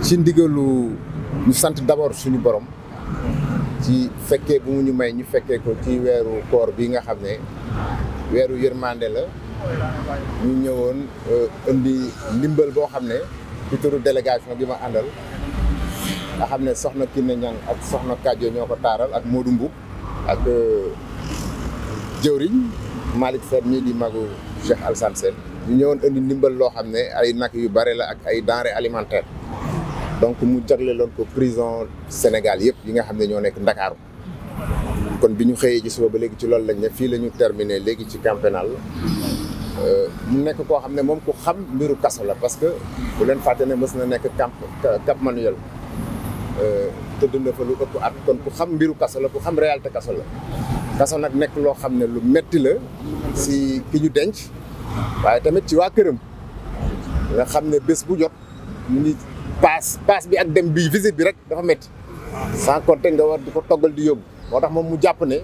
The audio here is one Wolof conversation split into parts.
ci ndigalu ñu sant d'abord suñu borom ci fekkee bu mu ñu may ñu fekkee ko ci weeru koor bi nga xam ne weeru yërmande la ñu ñëwoon euh, indi ndimbal boo xam ne ci turu délégation bi ma àndal nga xam ne soxna Kiné Niang ak soxna Kadio ñoo ko taaral ak Modou Mboup ak euh, jëwriñ Malick Sène ñii di magu Cheikh Alassane ñu ñëwoon indi ndimbal loo xam ne ay nak yu bare la ak ay denrées alimentaires donc mu loon ko prison Sénégal yëpp yi nga xam ne ñoo nekk Ndakaaru kon bi ñu xëyee ci suba ba léegi ci loolu lañ ne fii la ñu terminé léegi ci camp euh, mu nekk koo xam ne moom ku xam mbiru kaso la parce que bu leen fàtte ne mës na nekk camp Cap Manuel euh, fa lu ëpp at kon ku xam mbiru kaso la ku xam réalité kaso la nag nekk loo xam ne lu metti la si ki ñu denc waaye tamit ci waa këram nga xam ne bés bu jot mu ngi paas paas bi ak dem bi visit bi rek dafa métti sans compter nga war du ko toggal di yóbbu moo tax moom mu jàpp ne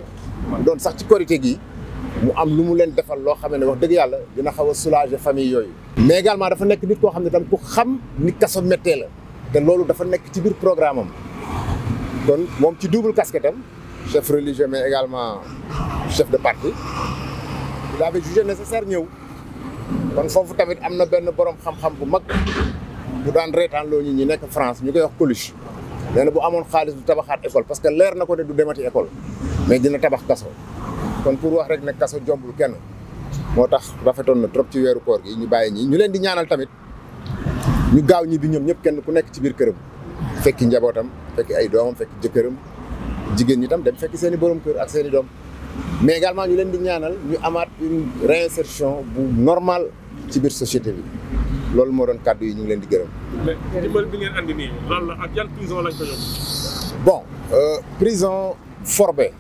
doon sax ci korité gi mu am lu mu leen defal loo xam ne wax dëgg yàlla dina xaw a famille yooyu mais également dafa nekk nit koo xam ne tam ku xam ni kaso méttee la te loolu dafa nekk ci biir programme am kon moom ci double casquette am chef religieux mais également chef de parti il avait jugé nécessaire ñëw kon foofu tamit am na benn borom xam bu mag mu daan reetaan loo ñi ñi nekk France ñu koy wax Coluche nee na bu amoon xaalis du tabaxaat école parce que leer na ko ne du demati école mais dina tabax kaso kon pour wax rek ne kaso jombul kenn moo tax rafetoon na trop ci weeru koor gi ñu bàyyi ñi ñu leen di ñaanal tamit ñu gaaw ñi bi ñoom ñëpp kenn ku nekk ci biir këram fekki njabootam fekki ay doomam fekki jëkkëram jigéen ñi tam dem fekki seen i borom kër ak seeni doom mais également ñu leen di ñaanal ñu amaat une réinsertion bu normale ci biir société bi lol moo doon kàddu yi ñu ngi leen di gërëm. mais dimbal bi ngeen andi ni, lan la ak yan prison lañ ko yóbbu. bon euh, prison Forbé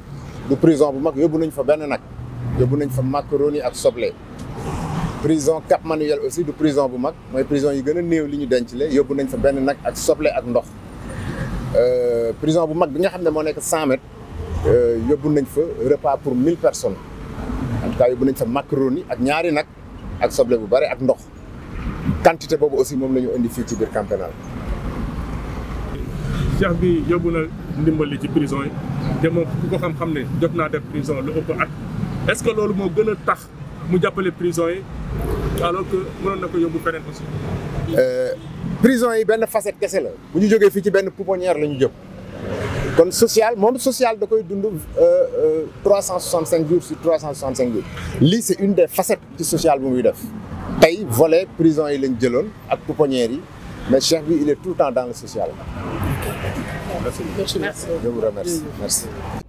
du prison bu mag yóbbu nañ fa benn nag yóbbu nañ fa macaroni ak soble. prison Cap Manuel aussi du prison bu mag mooy prison yi gën a néew li ñu denc le yóbbu nañ fa benn nag ak soble ak ndox. Euh, prison bu mag bi nga xam ne moo nekk 100 mètres euh, yóbbu nañ fa repas pour 1000 personnes en tout cas yóbbu nañ fa macaroni ak ñaari nak ak soble bu bari ak ndox quantité bobu aussi mom lañu ñu indi fii ci bir camp cheikh bi yóbbu na ndimbal ci prison yi te ku ko xam-xam ne jot naa def prison lu ëpp at est-ce que lolu mo gën tax mu jàppale prison yi alors que mënoon nako yobou yóbbu aussi euh prison yi ben facette kessé la bu ñu jógee fii ci ben pouponnière lañu ñu jëm kon social mom social da koy dund euh, euh cent soixante jours sur 365 jours li c'est une des facettes du social bu muy def tey volet prison il est jëloon ak pouponnières mais chef lui, il est tout le temps dans le social. merci je vous remercie merci.